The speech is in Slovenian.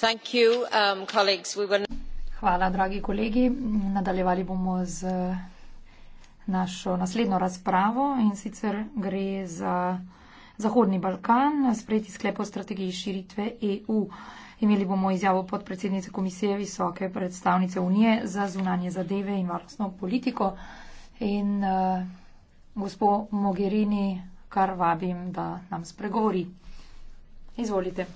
Um, Hvala, dragi kolegi. Nadaljevali bomo z našo naslednjo razpravo in sicer gre za Zahodni Balkan, sprejeti sklepo strategiji širitve EU. Imeli bomo izjavo podpredsednice komisije Visoke predstavnice Unije za zunanje zadeve in varnostno politiko in uh, gospod Mogherini, kar vabim, da nam spregovori. Izvolite.